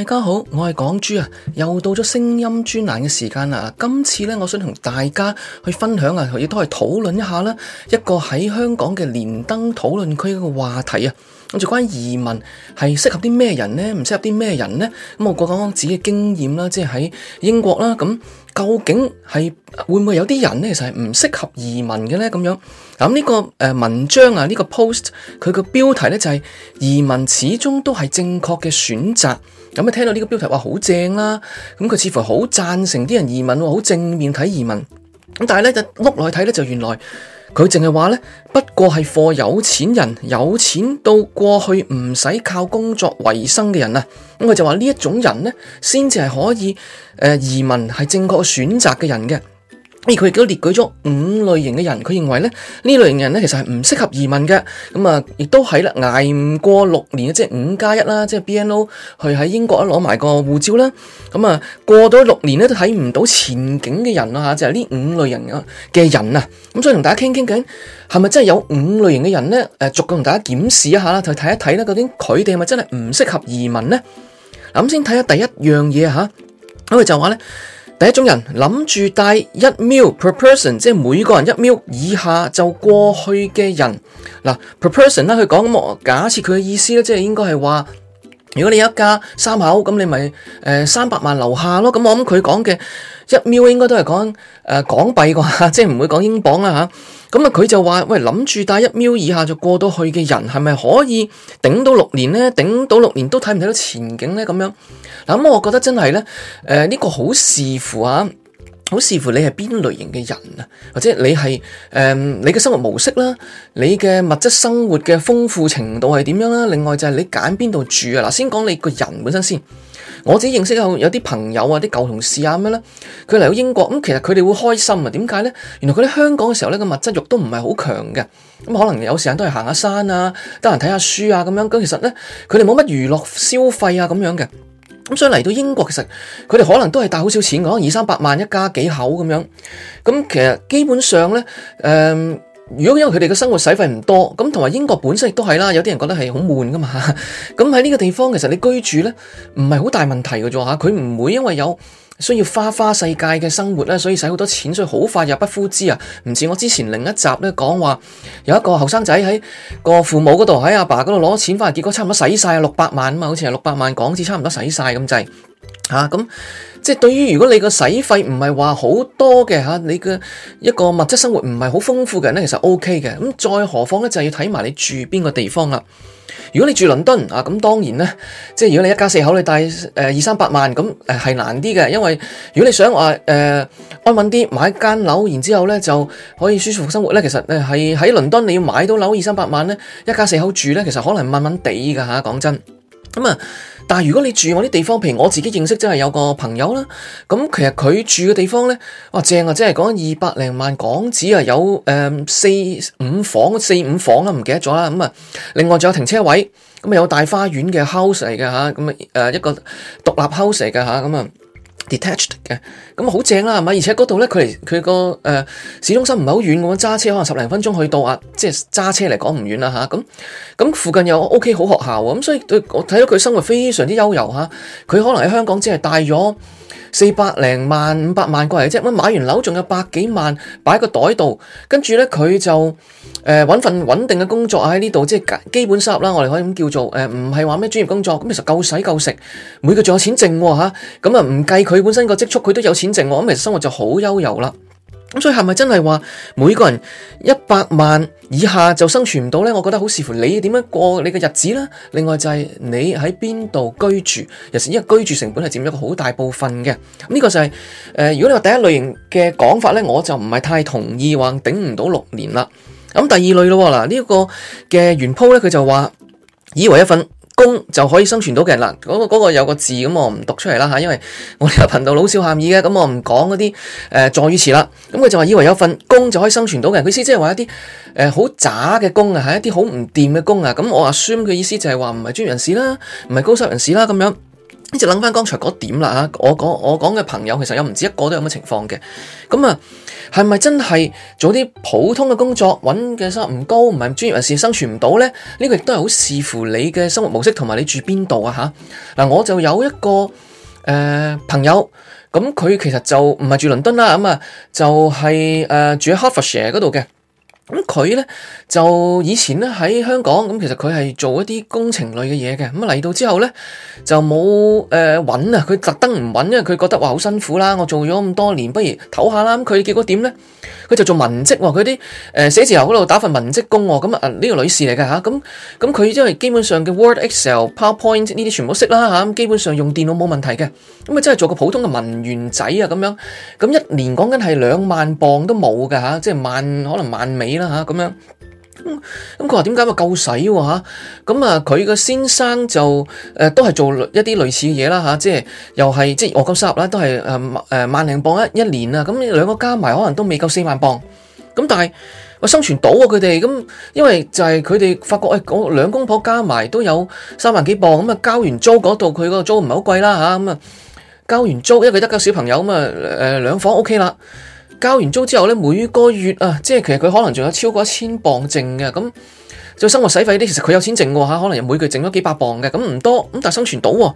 大家好，我係港豬啊，又到咗聲音專欄嘅時間啦。今次咧，我想同大家去分享啊，亦都係討論一下啦，一個喺香港嘅連登討論區嘅話題啊。咁就關於移民係適合啲咩人呢？唔適合啲咩人呢？咁、嗯、我講講自己嘅經驗啦，即係喺英國啦。咁究竟係會唔會有啲人咧，其實係唔適合移民嘅咧？咁樣咁呢、呢個誒文章啊，呢、呢個 post 佢個標題咧就係、是、移民始終都係正確嘅選擇。咁啊，聽到呢個標題，啊，哇，好正啦！咁佢似乎好贊成啲人移民，好正面睇移民。咁但係咧，就 look 落去睇咧，就原來佢淨係話咧，不過係 for 有錢人，有錢到過去唔使靠工作為生嘅人啊！咁佢就話呢一種人咧，先至係可以誒移民係正確選擇嘅人嘅。而佢亦都列舉咗五類型嘅人，佢認為咧，呢類型嘅人咧，其實係唔適合移民嘅。咁啊，亦都係啦，捱唔過六年，即係五加一啦，即係 BNO 去喺英國攞埋個護照啦。咁啊，過咗六年咧都睇唔到前景嘅人啦吓，就係呢五類型嘅人啊。咁所以同大家傾傾偈，係咪真係有五類型嘅人咧？誒，逐個同大家檢視一下啦，同睇一睇咧，究竟佢哋係咪真係唔適合移民咧？嗱，咁先睇下第一樣嘢吓，咁佢就話咧。第一種人諗住帶一 mil per person，即係每個人一 mil 以下就過去嘅人。嗱，per person 咧，佢講，我假設佢嘅意思咧，即係應該係話。如果你有一家三口，咁你咪誒、呃、三百萬樓下咯。咁我諗佢講嘅一 million 應該都係講誒港幣啩， 即係唔會講英鎊啊嚇。咁啊佢就話：喂，諗住帶一 million 以下就過到去嘅人，係咪可以頂到六年咧？頂到六年都睇唔睇到前景咧？咁樣嗱，咁我覺得真係咧，誒、呃、呢、這個好視乎啊。好視乎你係邊類型嘅人啊，或者你係誒、呃、你嘅生活模式啦，你嘅物質生活嘅豐富程度係點樣啦？另外就係你揀邊度住啊！嗱，先講你個人本身先。我自己認識有有啲朋友啊、啲舊同事啊咁樣咧，佢嚟到英國咁，其實佢哋會開心啊？點解咧？原來佢喺香港嘅時候咧，個物質欲都唔係好強嘅。咁可能有時間都係行下山啊，得閒睇下書啊咁樣。咁其實咧，佢哋冇乜娛樂消費啊咁樣嘅。咁所以嚟到英國，其實佢哋可能都係帶好少錢嘅，可能二三百萬一家幾口咁樣。咁其實基本上咧，誒、呃，如果因為佢哋嘅生活使費唔多，咁同埋英國本身亦都係啦，有啲人覺得係好悶㗎嘛。咁喺呢個地方，其實你居住咧，唔係好大問題㗎啫吓，佢唔會因為有需要花花世界嘅生活咧，所以使好多錢，所以好快入不敷支啊！唔似我之前另一集咧講話，有一個後生仔喺個父母嗰度，喺阿爸嗰度攞錢翻嚟，結果差唔多使晒啊，六百萬啊嘛，好似係六百萬港紙，差唔多使晒咁滯吓咁。即係對於如果你個使費唔係話好多嘅吓，啊，你嘅一個物質生活唔係好豐富嘅人咧，其實 OK 嘅。咁再何況咧，就係、是、要睇埋你住邊個地方啦。如果你住倫敦啊，咁當然咧，即係如果你一家四口你帶誒、呃、二三百萬咁誒係難啲嘅，因為如果你想話誒、呃、安穩啲買一間樓，然之後咧就可以舒服生活咧，其實誒係喺倫敦你要買到樓二三百萬咧，一家四口住咧，其實可能慢慢地噶吓，講真，咁、嗯、啊。但係如果你住我啲地方，譬如我自己認識，真係有個朋友啦，咁其實佢住嘅地方咧，哇、啊、正啊，真係講二百零萬港紙啊，有誒四五房、四五房啦，唔記得咗啦，咁、嗯、啊，另外仲有停車位，咁、嗯、啊，有大花園嘅 house 嚟嘅吓，咁啊誒、呃、一個獨立 house 嚟嘅吓。咁啊。嗯 detached 嘅，咁啊好正啦，係嘛，而且嗰度咧佢離佢個誒市中心唔係好遠咁，揸車可能十零分鐘去到啊，即係揸車嚟講唔遠啦吓，咁、啊、咁、啊啊、附近有 O、OK, K 好學校，咁、啊、所以對我睇到佢生活非常之悠游吓，佢、啊、可能喺香港只係大咗。四百零萬、五百萬過嚟啫，咁買完樓仲有百幾萬擺喺個袋度，跟住呢，佢就揾、呃、份穩定嘅工作喺呢度，即係基本收入啦。我哋可以咁叫做唔係話咩專業工作，咁其實夠使夠食，每個仲有錢剩喎嚇，咁啊唔計佢本身個積蓄，佢都有錢剩，咁、啊、其實生活就好悠遊啦。咁所以係咪真係話每個人一百萬以下就生存唔到呢？我覺得好視乎你點樣過你嘅日子啦。另外就係你喺邊度居住，尤其呢個居住成本係佔咗一個好大部分嘅。呢個就係、是呃、如果你話第一類型嘅講法呢，我就唔係太同意話頂唔到六年啦。咁第二類咯嗱，呢個嘅原鋪呢，佢就話以為一份工就可以生存到嘅人啦，嗰、那個嗰、那個有個字咁我唔讀出嚟啦吓，因為我哋個頻道老少咸宜嘅，咁我唔講嗰啲誒助語詞啦。咁、呃、佢就話以為有份工就可以生存到嘅，佢意思即係話一啲誒好渣嘅工啊，係一啲好唔掂嘅工啊。咁我阿孫嘅意思就係話唔係專業人士啦，唔係高收入人士啦，咁樣。依就諗翻剛才嗰點啦吓，我講我講嘅朋友其實又唔止一個都有咁嘅情況嘅，咁啊。係咪真係做啲普通嘅工作，搵嘅收入唔高，唔係專業人士生存唔到咧？呢、這個亦都係好視乎你嘅生活模式同埋你住邊度啊！吓嗱，我就有一個誒、呃、朋友，咁佢其實就唔係住倫敦啦，咁啊就係、是、誒、呃、住喺哈佛舍嘅嗰度嘅。咁佢咧就以前咧喺香港，咁其實佢係做一啲工程類嘅嘢嘅。咁嚟到之後咧就冇誒揾啊，佢特登唔揾，因為佢覺得話，好辛苦啦。我做咗咁多年，不如唞下啦。咁佢結果點咧？佢就做文職喎，佢啲誒寫字樓度打份文職工喎。咁啊呢個女士嚟嘅吓，咁咁佢因為基本上嘅 Word、Excel、PowerPoint 呢啲全部識啦吓，嚇、啊，基本上用電腦冇問題嘅。咁啊真係做個普通嘅文員仔啊咁樣，咁、啊、一年講緊係兩萬磅都冇嘅吓，即係萬可能萬美。吓咁、啊、樣，咁佢話點解咪夠使喎吓？咁啊，佢個先生就誒、呃、都係做一啲類似嘅嘢啦吓，即係又係即係我鳩收入啦，都係誒誒萬零磅一一年啊。咁兩個加埋可能都未夠四萬磅，咁但係我、啊、生存到佢哋咁，因為就係佢哋發覺誒、哎，我兩公婆加埋都有三萬幾磅，咁啊交完租嗰度，佢個租唔係好貴啦吓，咁啊，啊交完租因為一個得個小朋友咁啊誒兩、啊、房 O K 啦。交完租之後呢，每個月啊，即係其實佢可能仲有超過一千磅剩嘅，咁就生活使費啲，其實佢有錢剩㗎嚇、啊，可能又每個月剩咗幾百磅嘅，咁唔多，咁但係生存到、哦，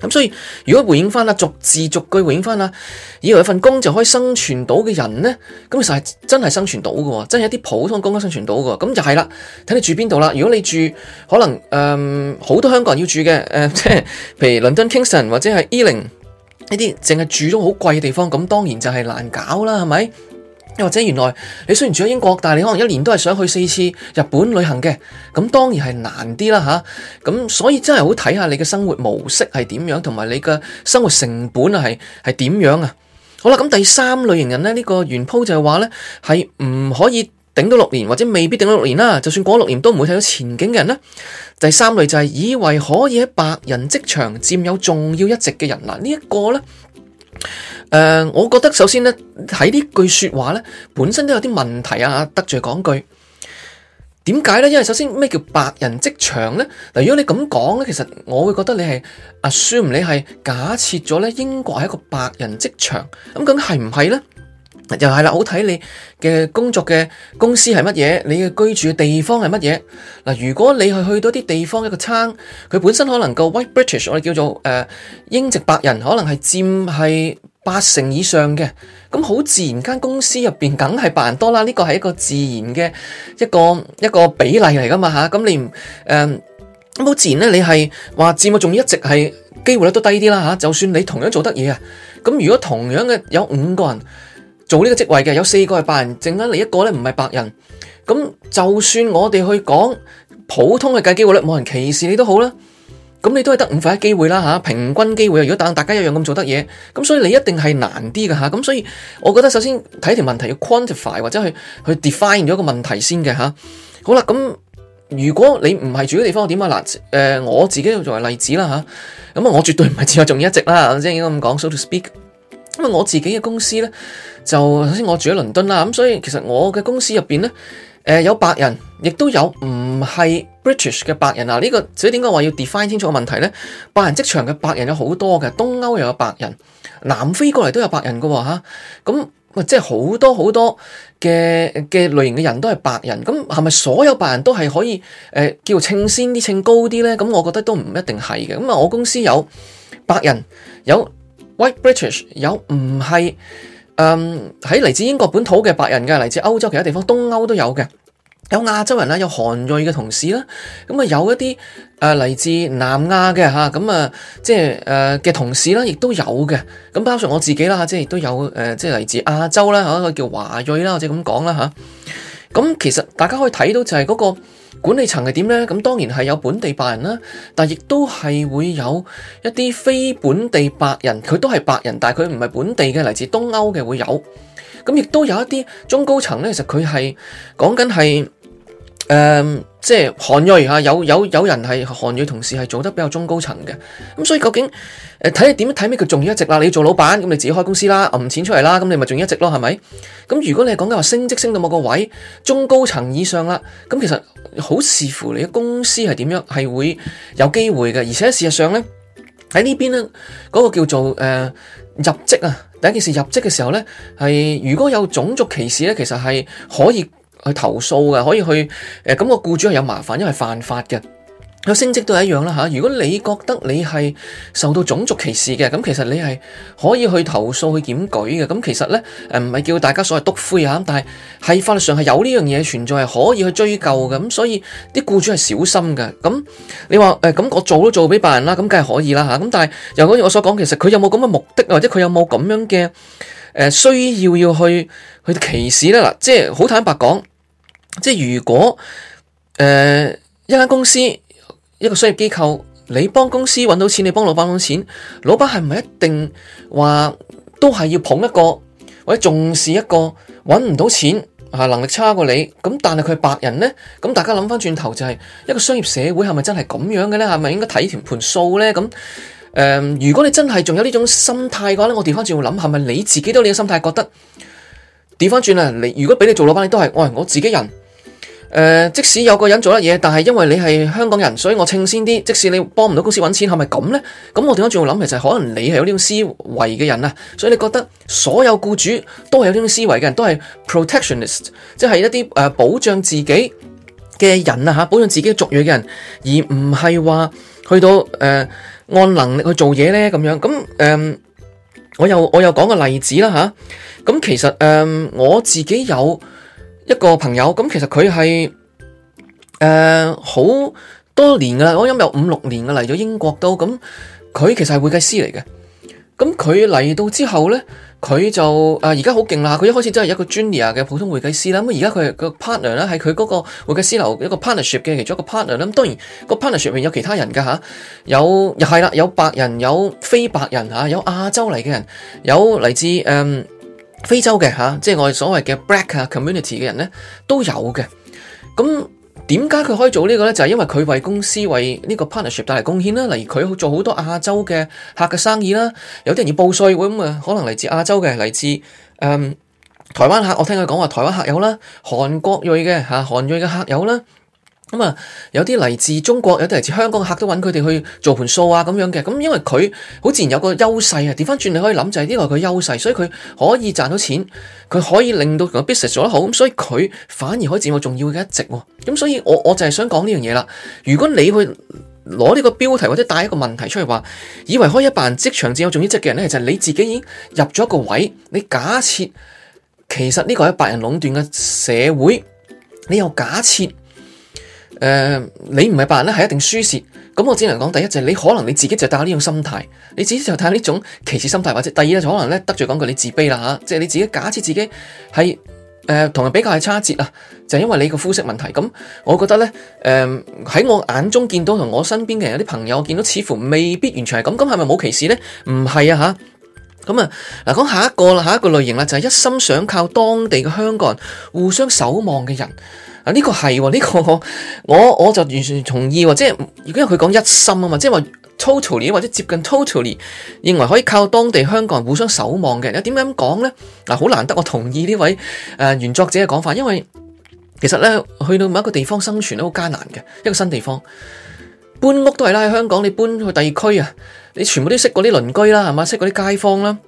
咁所以如果回應返啦，逐字逐句回應返啦，以為有份工就可以生存到嘅人呢，咁其實係真係生存到嘅，真係一啲普通工都生存到嘅，咁就係啦，睇你住邊度啦，如果你住可能誒好、呃、多香港人要住嘅，誒、呃、即係譬如倫敦 Kingston 或者係 Ealing。0, 呢啲淨係住咗好貴嘅地方，咁當然就係難搞啦，係咪？又或者原來你雖然住喺英國，但係你可能一年都係想去四次日本旅行嘅，咁當然係難啲啦，吓。咁所以真係好睇下你嘅生活模式係點樣，同埋你嘅生活成本啊係係點樣啊。好啦，咁第三類型人咧，呢、這個原鋪就係話咧係唔可以。頂到六年或者未必頂到六年啦，就算過咗六年都唔會睇到前景嘅人呢，第三類就係以為可以喺白人職場佔有重要一席嘅人嗱，呢一個呢，誒，我覺得首先呢，喺呢句說話呢，本身都有啲問題啊，得罪講句。點解呢？因為首先咩叫白人職場呢？嗱，如果你咁講呢，其實我會覺得你係 assume 你係假設咗呢英國係一個白人職場，咁梗係唔係呢？又係啦，好睇你嘅工作嘅公司係乜嘢，你嘅居住嘅地方係乜嘢嗱。如果你係去到啲地方一個餐，佢本身可能個 White British，我哋叫做誒、呃、英籍白人，可能係佔係八成以上嘅咁，好自然間公司入邊梗係白人多啦。呢、這個係一個自然嘅一個一個比例嚟噶嘛嚇。咁、啊、你誒咁好自然咧，你係話佔我仲一直係機會率都低啲啦嚇。就算你同樣做得嘢啊，咁如果同樣嘅有五個人。做呢個職位嘅有四個係白人，剩翻嚟一個咧唔係白人。咁就算我哋去講普通嘅計機會率，冇人歧視你都好啦。咁你都係得五分一機會啦，吓平均機會啊。如果但大家一樣咁做得嘢，咁所以你一定係難啲嘅吓。咁所以我覺得首先睇條問題要 quantify 或者去去 define 咗個問題先嘅吓。好啦，咁如果你唔係住嘅地方點啊？嗱，誒、呃，我自己作為例子啦吓，咁啊，我絕對唔係只有做一職啦，即係應該咁講，so to speak。咁啊，因為我自己嘅公司呢，就首先我住喺倫敦啦，咁、嗯、所以其實我嘅公司入邊呢，誒、呃、有白人，亦都有唔係 British 嘅白人啊！呢、呢個所以點解話要 define 清楚個問題呢？白人職場嘅白人有好多嘅，東歐又有白人，南非過嚟都有白人嘅喎。咁即係好多好多嘅嘅類型嘅人都係白人，咁係咪所有白人都係可以誒、呃、叫稱先啲稱高啲呢？咁、嗯、我覺得都唔一定係嘅。咁、嗯、啊，我公司有白人有。White British 有唔係誒喺嚟自英國本土嘅白人嘅，嚟自歐洲其他地方東歐都有嘅，有亞洲人啦，有韓裔嘅同事啦，咁啊有一啲誒嚟自南亞嘅吓，咁啊即係誒嘅同事啦，亦都有嘅，咁包括我自己啦、啊，即係亦都有誒、呃，即係嚟自亞洲啦嚇、啊，叫華裔啦或者咁講啦吓。咁、啊啊、其實大家可以睇到就係嗰、那個。管理層係點咧？咁當然係有本地白人啦，但亦都係會有一啲非本地白人，佢都係白人，但係佢唔係本地嘅，嚟自東歐嘅會有，咁亦都有一啲中高層咧，其實佢係講緊係誒。即係韓裔嚇，有有有人係韓裔同事係做得比較中高層嘅，咁所以究竟誒睇你點樣睇咩？佢、呃、仲要一直啦，你要做老闆，咁你自己開公司啦，揞錢出嚟啦，咁你咪仲要一直咯，係咪？咁如果你係講緊話升職升到某個位中高層以上啦，咁其實好視乎你嘅公司係點樣，係會有機會嘅。而且事實上咧，喺呢邊咧嗰，那個叫做誒、呃、入職啊，第一件事入職嘅時候咧，係如果有種族歧視咧，其實係可以。去投訴嘅可以去誒，咁個僱主係有麻煩，因為犯法嘅。個升職都係一樣啦吓。如果你覺得你係受到種族歧視嘅，咁其實你係可以去投訴去檢舉嘅。咁其實咧誒，唔係叫大家所謂督灰啊，但係喺法律上係有呢樣嘢存在，係可以去追究嘅。咁所以啲僱主係小心嘅。咁你話誒，咁我做都做俾白人啦，咁梗係可以啦吓。咁但係又好似我所講，其實佢有冇咁嘅目的，或者佢有冇咁樣嘅誒需要要去去歧視咧嗱？即係好坦白講。即係如果誒、呃、一間公司一個商業機構，你幫公司揾到錢，你幫老闆揾錢，老闆係唔係一定話都係要捧一個或者重視一個揾唔到錢吓能力差過你咁，但係佢係白人呢？咁大家諗翻轉頭就係、是、一個商業社會係咪真係咁樣嘅咧？係咪應該睇條盤數咧？咁誒、呃，如果你真係仲有呢種心態嘅話咧，我調翻轉諗，係咪你自己都你嘅心態覺得調翻轉啊？你如果畀你做老闆，你都係我係我自己人。呃、即使有個人做得嘢，但係因為你係香港人，所以我稱先啲。即使你幫唔到公司揾錢，係咪咁呢？咁我點解仲要諗？其實可能你係有呢種思維嘅人啊，所以你覺得所有僱主都係有呢種思維嘅人，都係 protectionist，即係一啲誒、呃、保障自己嘅人啊，嚇，保障自己族裔嘅人，而唔係話去到誒、呃、按能力去做嘢呢。咁樣。咁誒、呃，我又我又講個例子啦吓，咁、啊、其實誒、呃、我自己有。一個朋友咁，其實佢係誒好多年噶啦，我諗有五六年噶啦，嚟咗英國都咁，佢其實係會計師嚟嘅。咁佢嚟到之後咧，佢就誒而家好勁啦。佢、呃、一開始真係一個 junior 嘅普通會計師啦。咁而家佢個 partner 咧係佢嗰個會計師樓一個 partnership 嘅其中一個 partner 啦。咁當然個 partnership 入邊有其他人㗎嚇，有又係啦，有白人，有非白人嚇，有亞洲嚟嘅人，有嚟自誒。呃非洲嘅嚇，即係我哋所謂嘅 black community 嘅人咧都有嘅。咁點解佢可以做呢個咧？就係、是、因為佢為公司為呢個 partnership 帶嚟貢獻啦。例如佢做好多亞洲嘅客嘅生意啦，有啲人要報稅喎，咁啊可能嚟自亞洲嘅，嚟自誒、嗯、台灣客。我聽佢講話台灣客有啦，韓國裔嘅嚇，韓裔嘅客有啦。咁啊、嗯，有啲嚟自中國，有啲嚟自香港客都揾佢哋去做盤數啊，咁樣嘅。咁因為佢好自然有個優勢啊，調翻轉你可以諗就係呢個係佢優勢，所以佢可以賺到錢，佢可以令到個 business 做得好，咁所以佢反而可以佔有重要嘅一席、哦。咁、嗯、所以我我就係想講呢樣嘢啦。如果你去攞呢個標題或者帶一個問題出嚟話，以為開白人職場佔有重要職嘅人呢，就係、是、你自己已經入咗個位，你假設其實呢個係白人壟斷嘅社會，你又假設。誒、呃，你唔係白人咧，係一定輸蝕。咁我只能講，第一就是、你可能你自己就帶呢種心態你自己就帶下呢種歧視心態，或者第二咧，就可能咧，得罪講句你自卑啦吓，即、啊、係、就是、你自己假設自己係誒同人比較係差一截就就是、因為你個膚色問題。咁我覺得咧，誒、呃、喺我眼中見到同我身邊嘅人有啲朋友我見到似乎未必完全係咁，咁係咪冇歧視咧？唔係啊吓，咁啊嗱，講、啊、下一個啦，下一個類型啦，就係、是、一心想靠當地嘅香港人互相守望嘅人。啊！呢、這個係喎，呢、這個我我，我就完全同意喎。即係如果佢講一心啊嘛，即係話 totally 或者接近 totally 認為可以靠當地香港人互相守望嘅。點解咁講呢？嗱、啊，好難得我同意呢位誒、呃、原作者嘅講法，因為其實呢，去到某一個地方生存都好艱難嘅一個新地方，搬屋都係啦。喺香港你搬去第二區啊，你全部都識嗰啲鄰居啦，係嘛？識嗰啲街坊啦。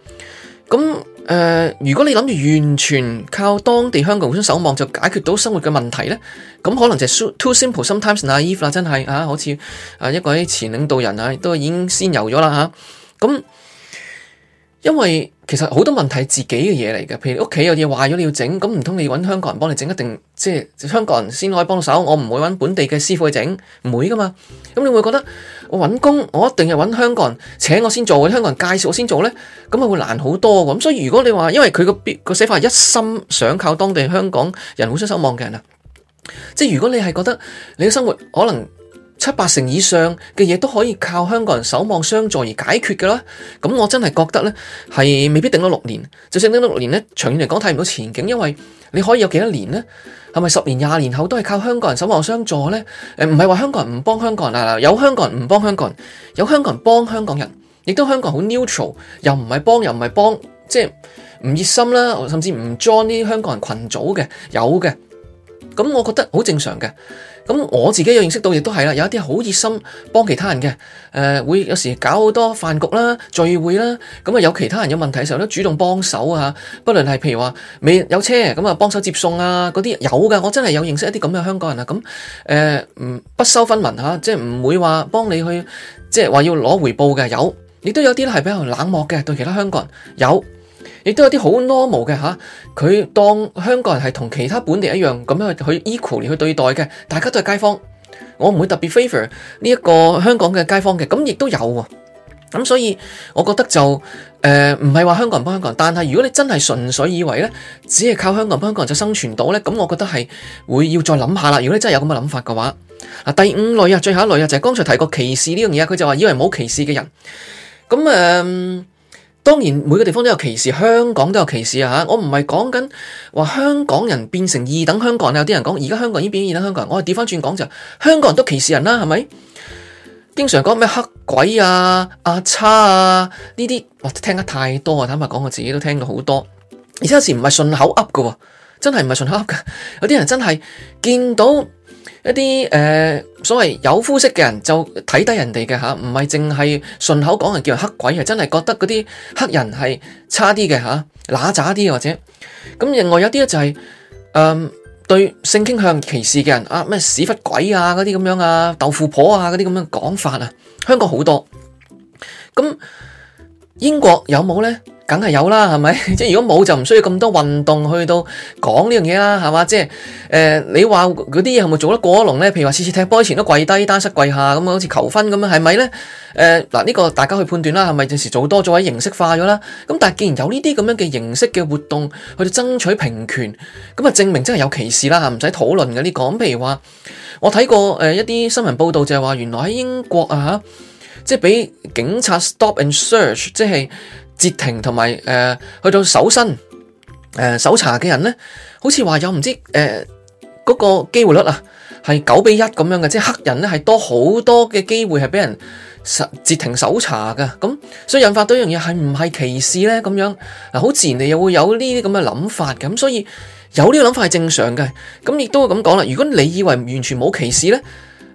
咁、呃、如果你諗住完全靠當地香港人互相守望就解決到生活嘅問題呢，咁可能就係 too simple sometimes naive 啦，真係、啊、好似一個前領導人啊都已經仙遊咗啦、啊。其實好多問題係自己嘅嘢嚟嘅，譬如屋企有嘢壞咗，你要整，咁唔通你揾香港人幫你整一定即係、就是、香港人先可以幫手？我唔會揾本地嘅師傅去整唔會噶嘛。咁你會覺得我揾工，我一定係揾香港人請我先做，或者香港人介紹我先做呢。」咁咪會難好多咁。所以如果你話因為佢個必寫法係一心想靠當地香港人互相守望嘅人啊，即、就、係、是、如果你係覺得你嘅生活可能。七八成以上嘅嘢都可以靠香港人守望相助而解決嘅啦。咁我真係覺得呢，係未必頂到六年，就算頂到六年呢，長遠嚟講睇唔到前景，因為你可以有幾多年呢？係咪十年廿年後都係靠香港人守望相助呢？唔係話香港人唔幫香港人啊，是是有香港人唔幫香港人，有香港人幫香港人，亦都香港人好 neutral，又唔係幫又唔係幫，即係唔熱心啦，甚至唔 join 啲香港人群組嘅，有嘅，咁我覺得好正常嘅。咁我自己有認識到，亦都係啦，有一啲好熱心幫其他人嘅，誒、呃、會有時搞好多飯局啦、聚會啦，咁有其他人有問題嘅時候都主動幫手啊，不論係譬如話未有車咁幫手接送啊，嗰啲有㗎，我真係有認識一啲咁嘅香港人啊，咁、呃、不，不收分文嚇、啊，即係唔會話幫你去即係話要攞回報嘅有，亦都有啲係比較冷漠嘅對其他香港人有。亦都有啲好 normal 嘅吓。佢、啊、當香港人係同其他本地一樣咁樣去，去 equal 嚟去對待嘅，大家都係街坊，我唔會特別 favor 呢一個香港嘅街坊嘅，咁亦都有喎、啊。咁所以我覺得就誒唔係話香港人幫香港人，但係如果你真係純粹以為咧，只係靠香港人幫香港人就生存到咧，咁我覺得係會要再諗下啦。如果你真係有咁嘅諗法嘅話，嗱第五類啊，最後一類啊就係、是、剛才提過歧視呢樣嘢，佢就話以為冇歧視嘅人，咁誒。嗯當然每個地方都有歧視，香港都有歧視啊！嚇，我唔係講緊話香港人變成二等香港人啊！有啲人講而家香港已經變二等香港人，我係調翻轉講就香港人都歧視人啦，係咪？經常講咩黑鬼啊、阿叉啊呢啲，我、啊、聽得太多啊！坦白講，我自己都聽過好多，而且有時唔係順口噏嘅，真係唔係順口噏嘅，有啲人真係見到。一啲誒、呃、所謂有膚色嘅人就睇低人哋嘅嚇，唔係淨係順口講人叫人黑鬼，係真係覺得嗰啲黑人係差啲嘅嚇，乸渣啲或者咁。另外有啲咧就係、是、誒、呃、對性傾向歧視嘅人啊，咩屎忽鬼啊嗰啲咁樣啊，豆腐婆啊嗰啲咁樣講法啊，香港好多。咁英國有冇咧？梗係有啦，係咪？即係如果冇就唔需要咁多運動去到講呢樣嘢啦，係嘛？即係誒，你話嗰啲嘢係咪做得過咗籠咧？譬如話，次次踢波前都跪低單膝跪下咁啊，好似求婚咁樣係咪咧？誒嗱，呢、呃這個大家去判斷啦，係咪有時做多咗，形式化咗啦？咁但係既然有呢啲咁樣嘅形式嘅活動去到爭取平權，咁啊證明真係有歧視啦，唔使討論嘅呢、這個。譬如話，我睇過誒一啲新聞報道就係話，原來喺英國啊，即係俾警察 stop and search，即係。截停同埋誒去到搜身、誒、呃、搜查嘅人咧，好似話有唔知誒嗰、呃嗰個機會率啊，係九比一咁樣嘅，即係黑人咧係多好多嘅機會係俾人截停搜查嘅。咁所以引發到一樣嘢係唔係歧視咧？咁樣嗱，好自然你又會有呢啲咁嘅諗法咁，所以有呢個諗法係正常嘅。咁亦都會咁講啦，如果你以為完全冇歧視咧，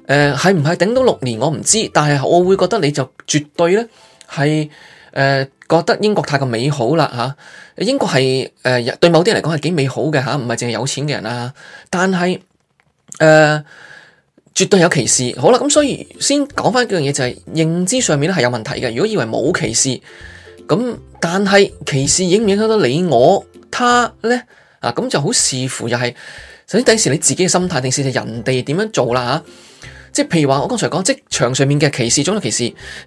誒係唔係頂到六年我唔知，但係我會覺得你就絕對咧係。誒、呃，覺得英國太過美好啦，吓、啊，英國係誒、呃、對某啲人嚟講係幾美好嘅吓，唔係淨係有錢嘅人啦、啊，但係誒、呃、絕對有歧視，好啦，咁所以先講翻一樣嘢就係、是、認知上面咧係有問題嘅，如果以為冇歧視，咁但係歧視影唔影響到你我他咧？啊，咁就好視乎又係首先第時你自己嘅心態，定係人哋點樣做啦吓。啊即係譬如話，我剛才講職場上面嘅歧視，種族歧視，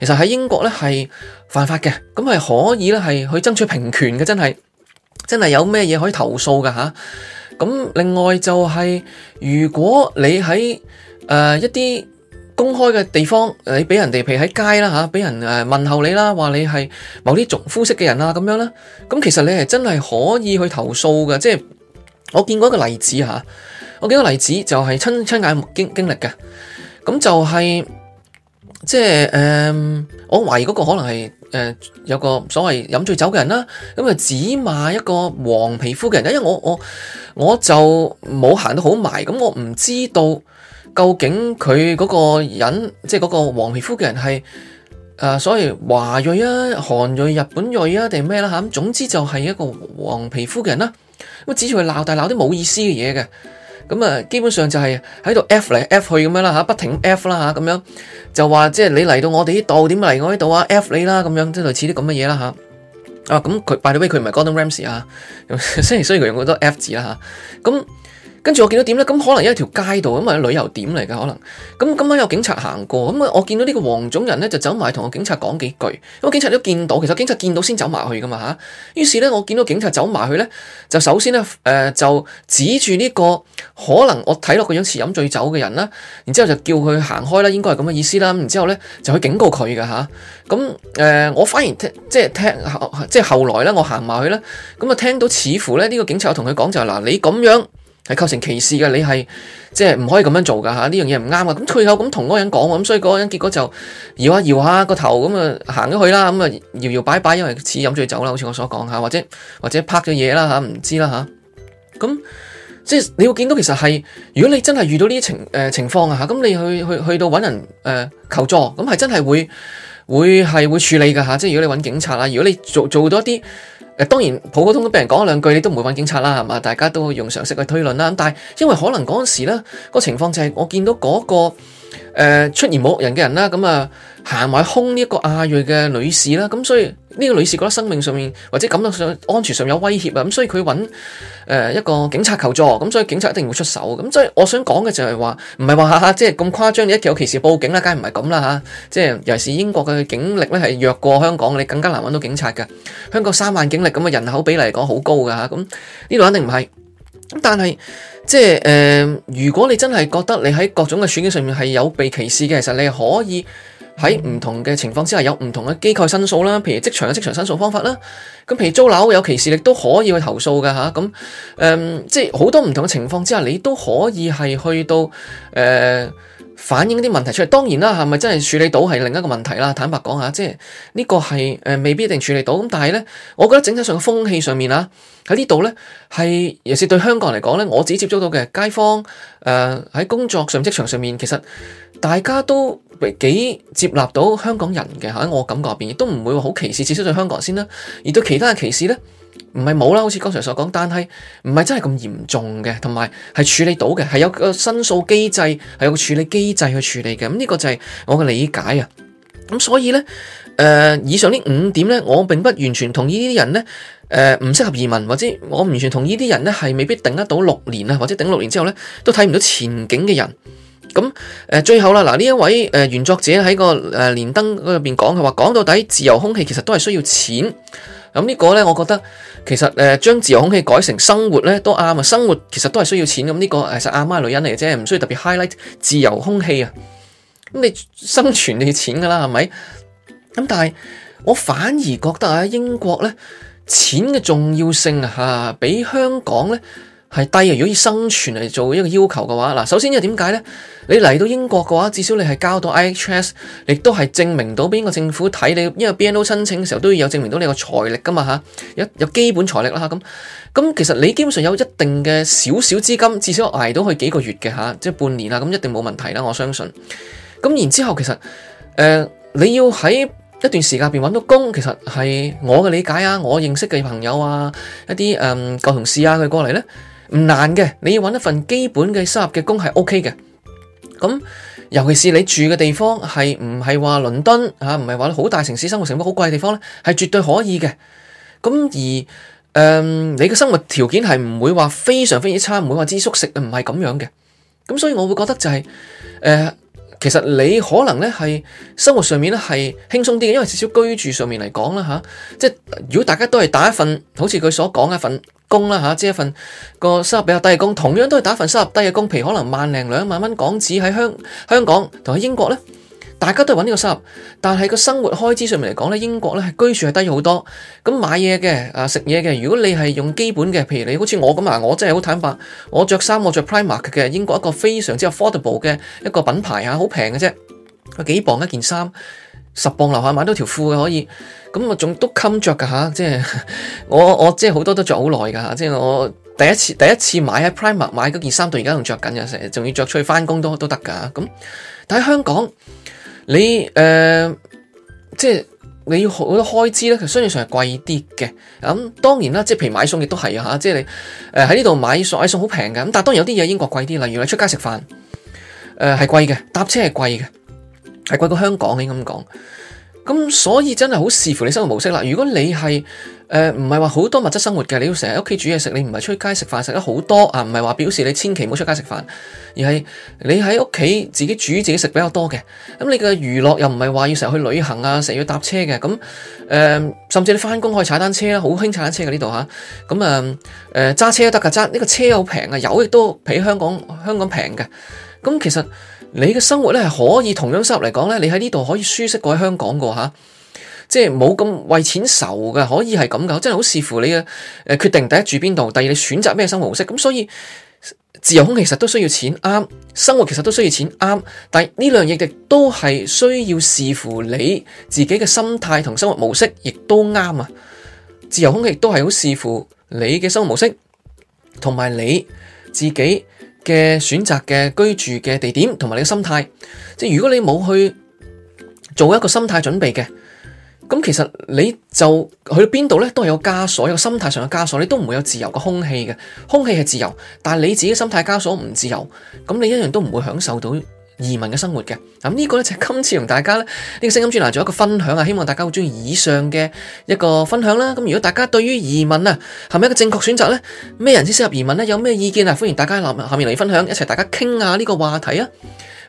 其實喺英國咧係犯法嘅，咁係可以咧係去爭取平權嘅，真係真係有咩嘢可以投訴㗎吓。咁、啊、另外就係、是、如果你喺誒、呃、一啲公開嘅地方，你俾人哋譬如喺街啦吓，俾、啊、人誒問候你啦，話你係某啲族膚色嘅人啊，咁樣啦，咁其實你係真係可以去投訴嘅。即係我見過一個例子吓、啊，我見過例子就係、是、親親眼目經經歷嘅。咁就係、是、即係誒、呃，我懷疑嗰個可能係誒、呃、有個所謂飲醉酒嘅人啦。咁啊只罵一個黃皮膚嘅人，因為我我我就冇行得好埋，咁我唔知道究竟佢嗰個人即係嗰個黃皮膚嘅人係誒、呃、所謂華裔啊、韓裔、日本裔啊定咩啦嚇？咁總之就係一個黃皮膚嘅人啦，咁指住佢鬧大鬧啲冇意思嘅嘢嘅。咁啊，基本上就係喺度 F 嚟 F 去咁樣啦吓，不停 F 啦吓，咁樣就話即係你嚟到我哋呢度點嚟我呢度啊，F 你啦咁樣，即係類似啲咁嘅嘢啦吓。啊，咁佢，by the way，佢唔係 Gordon Ramsay 啊，雖 然所以佢用好多 F 字啦吓。咁、啊跟住我見到點呢？咁可能一條街道，咁啊旅遊點嚟嘅可能。咁今晚有警察行過，咁啊我見到呢個黃種人呢，就走埋同個警察講幾句，咁警察都見到，其實警察見到先走埋去噶嘛嚇。於是呢，我見到警察走埋去呢，就首先呢，誒、呃、就指住呢、這個可能我睇落個樣似飲醉酒嘅人啦，然之後就叫佢行開啦，應該係咁嘅意思啦。然之後呢，就去警告佢嘅嚇。咁、啊、誒、呃、我反而聽即係聽即係後，後來呢，我行埋去呢，咁、嗯、啊聽到似乎呢，呢、這個警察同佢講就係、是、嗱、啊、你咁樣。係構成歧視嘅，你係即係唔可以咁樣做嘅嚇，呢樣嘢唔啱嘅。咁退後咁同嗰個人講喎，咁所以嗰個人結果就搖下搖下個頭咁啊行咗去啦，咁啊搖搖擺擺，因為似飲醉酒啦，好似我所講嚇，或者或者拍咗嘢啦嚇，唔知啦嚇。咁、啊、即係你會見到其實係，如果你真係遇到呢啲情誒、呃、情況啊嚇，咁你去去去到揾人誒、呃、求助，咁係真係會會係會處理嘅嚇、啊。即係如果你揾警察啦，如果你做做多啲。誒當然，普普通通俾人講一兩句，你都唔會揾警察啦，係嘛？大家都用常識去推論啦。但係因為可能嗰陣時咧，個情況就係我見到嗰、嗰個。出言侮辱人嘅人啦，咁啊行埋兇呢一個亞裔嘅女士啦，咁所以呢個女士覺得生命上面或者感到上安全上有威脅啊，咁所以佢揾誒一個警察求助，咁所以警察一定會出手，咁所以我想講嘅就係話，唔係話吓，即係咁誇張，你一有其事報警啦，梗係唔係咁啦吓，即係尤其是英國嘅警力咧係弱過香港，你更加難揾到警察噶，香港三萬警力咁嘅人口比例嚟講好高噶吓，咁呢度肯定唔係。但係即係誒、呃，如果你真係覺得你喺各種嘅選舉上面係有被歧視嘅，其實你可以喺唔同嘅情況之下有唔同嘅機構申訴啦，譬如職場嘅職場申訴方法啦，咁譬如租樓有歧視力都可以去投訴嘅吓，咁、啊、誒、嗯、即係好多唔同嘅情況之下，你都可以係去到誒。呃反映啲問題出嚟，當然啦，係咪真係處理到係另一個問題啦。坦白講下，即係呢個係誒未必一定處理到。咁但係咧，我覺得整體上嘅風氣上面啊，喺呢度咧係，尤其是對香港人嚟講咧，我自己接觸到嘅街坊誒喺、呃、工作上職場上面，其實大家都幾接納到香港人嘅。喺我感覺入面亦都唔會話好歧視，至少對香港人先啦。而對其他嘅歧視咧。唔係冇啦，好似剛才所講，但係唔係真係咁嚴重嘅，同埋係處理到嘅，係有個申訴機制，係有個處理機制去處理嘅。咁、這、呢個就係我嘅理解啊。咁所以呢，誒、呃、以上呢五點呢，我並不完全同意呢啲人呢，誒、呃、唔適合移民，或者我唔完全同意啲人呢，係未必定得到未必頂得到六年啊，或者頂六年之後呢，都睇唔到前景嘅人。咁誒、呃、最後啦，嗱呢一位誒、呃、原作者喺、那個誒、呃、連登嗰入邊講，佢話講到底自由空氣其實都係需要錢。咁呢個咧，我覺得其實誒將、呃、自由空氣改成生活咧都啱啊！生活其實都係需要錢咁，呢、這個其實阿媽女人嚟嘅啫，唔需要特別 highlight 自由空氣啊！咁你生存你要錢噶啦，係咪？咁但係我反而覺得啊，英國咧，錢嘅重要性啊，比香港咧。係低，如果以生存嚟做一個要求嘅話，嗱，首先又點解呢？你嚟到英國嘅話，至少你係交到 IHS，亦都係證明到俾英國政府睇你，因為 BNO 申請嘅時候都要有證明到你個財力噶嘛吓，有基本財力啦咁。咁其實你基本上有一定嘅少少資金，至少挨到去幾個月嘅吓，即係半年啦，咁一定冇問題啦，我相信。咁然之後，其實誒、呃、你要喺一段時間入邊搵到工，其實係我嘅理解啊，我認識嘅朋友啊，一啲誒舊同事啊，佢過嚟呢。唔難嘅，你要搵一份基本嘅收入嘅工係 OK 嘅。咁尤其是你住嘅地方係唔係話倫敦吓，唔係話好大城市，生活成本好貴嘅地方咧，係絕對可以嘅。咁而誒、呃，你嘅生活條件係唔會話非常非常差，唔會話節衣縮食唔係咁樣嘅。咁所以我會覺得就係、是、誒、呃,其實你可能咧係生活上面咧係輕鬆啲嘅，因為至少居住上面嚟講啦吓，即係如果大家都係打一份好似佢所講一份。工啦吓，即係、啊、一份個收入比較低嘅工，同樣都係打份收入低嘅工，譬如可能萬零兩萬蚊港紙喺香香港同喺英國咧，大家都係搵呢個收入，但係個生活開支上面嚟講咧，英國咧居住係低好多，咁買嘢嘅啊食嘢嘅，如果你係用基本嘅，譬如你好似我咁啊，我真係好坦白，我着衫我着 Primark 嘅，英國一個非常之有 affordable 嘅一個品牌嚇，好平嘅啫，幾磅一件衫。十磅樓下買到條褲嘅可以，咁啊仲都襟着嘅嚇，即係我我即係好多都着好耐嘅嚇，即係我第一次第一次買喺 Primark 買嗰件衫，到而家仲着緊嘅，成日仲要着出去翻工都都得嘅，咁、啊、但係香港你誒、呃、即係你要好多開支咧，相對上係貴啲嘅。咁、啊、當然啦，即係譬如買餸亦都係啊，即係你誒喺呢度買餸，買餸好平嘅，咁但係當然有啲嘢英國貴啲，例如你出街食飯誒係、啊、貴嘅，搭車係貴嘅。係貴過香港，應該咁講，咁所以真係好視乎你生活模式啦。如果你係誒唔係話好多物質生活嘅，你要成日屋企煮嘢食，你唔係出街食飯食得好多啊，唔係話表示你千祈唔好出街食飯，而係你喺屋企自己煮自己食比較多嘅。咁你嘅娛樂又唔係話要成日去旅行啊，成日要搭車嘅。咁誒、呃，甚至你翻工可以踩單車啦，好興踩單車嘅呢度吓。咁啊誒，揸、呃、車都得噶揸，呢、呢個車又平啊，油亦都比香港香港平嘅。咁其實。你嘅生活咧係可以同樣收入嚟講咧，你喺呢度可以舒適過喺香港嘅吓，即係冇咁為錢愁嘅，可以係咁嘅，真係好視乎你嘅誒決定。第一住邊度，第二你選擇咩生活模式。咁所以自由空其實都需要錢啱，生活其實都需要錢啱，但係呢兩樣亦都係需要視乎你自己嘅心態同生活模式，亦都啱啊！自由空亦都係好視乎你嘅生活模式同埋你自己嘅選擇嘅居住嘅地點同埋你嘅心態，即係如果你冇去做一個心態準備嘅，咁其實你就去到邊度呢都係有枷鎖，有心態上嘅枷鎖，你都唔會有自由嘅空氣嘅，空氣係自由，但係你自己心態枷鎖唔自由，咁你一樣都唔會享受到。移民嘅生活嘅，咁、這個、呢個咧就係今次同大家咧呢、這個聲音專欄做一個分享啊，希望大家好中意以上嘅一個分享啦、啊。咁如果大家對於移民啊，係咪一個正確選擇咧，咩人先適合移民咧，有咩意見啊？歡迎大家下面嚟分享，一齊大家傾下呢個話題啊！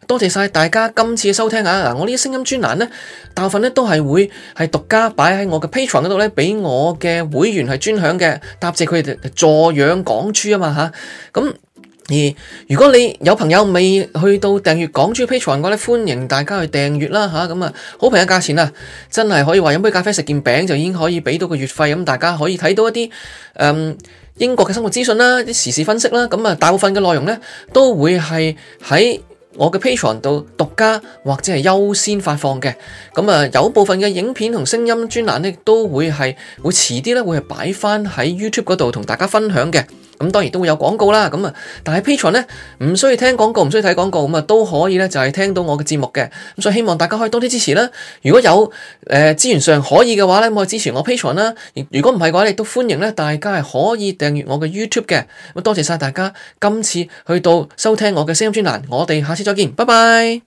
多謝晒大家今次嘅收聽啊！嗱、啊，我呢啲聲音專欄咧，大部分咧都係會係獨家擺喺我嘅 Patreon 嗰度咧，俾我嘅會員係專享嘅，答謝佢哋助養港豬啊嘛吓，咁、啊。而如果你有朋友未去到訂閱港珠批 a t r 嘅話咧，歡迎大家去訂閱啦嚇！咁啊，好平嘅價錢啊，真係可以話飲杯咖啡、食件餅就已經可以畀到個月費咁、嗯，大家可以睇到一啲誒、嗯、英國嘅生活資訊啦、啲時事分析啦。咁、嗯、啊，大部分嘅內容咧都會係喺我嘅批 a 度獨家或者係優先發放嘅。咁、嗯、啊、嗯，有部分嘅影片同聲音專欄咧都會係會遲啲咧會係擺翻喺 YouTube 嗰度同大家分享嘅。咁當然都會有廣告啦，咁啊，但係 Patreon 呢，唔需要聽廣告，唔需要睇廣告，咁啊都可以呢。就係聽到我嘅節目嘅，咁所以希望大家可以多啲支持啦。如果有誒資源上可以嘅話呢，可以支持我 Patreon 啦。如果唔係嘅話，亦都歡迎咧大家係可以訂閱我嘅 YouTube 嘅。咁多謝晒大家今次去到收聽我嘅聲音專欄，我哋下次再見，拜拜。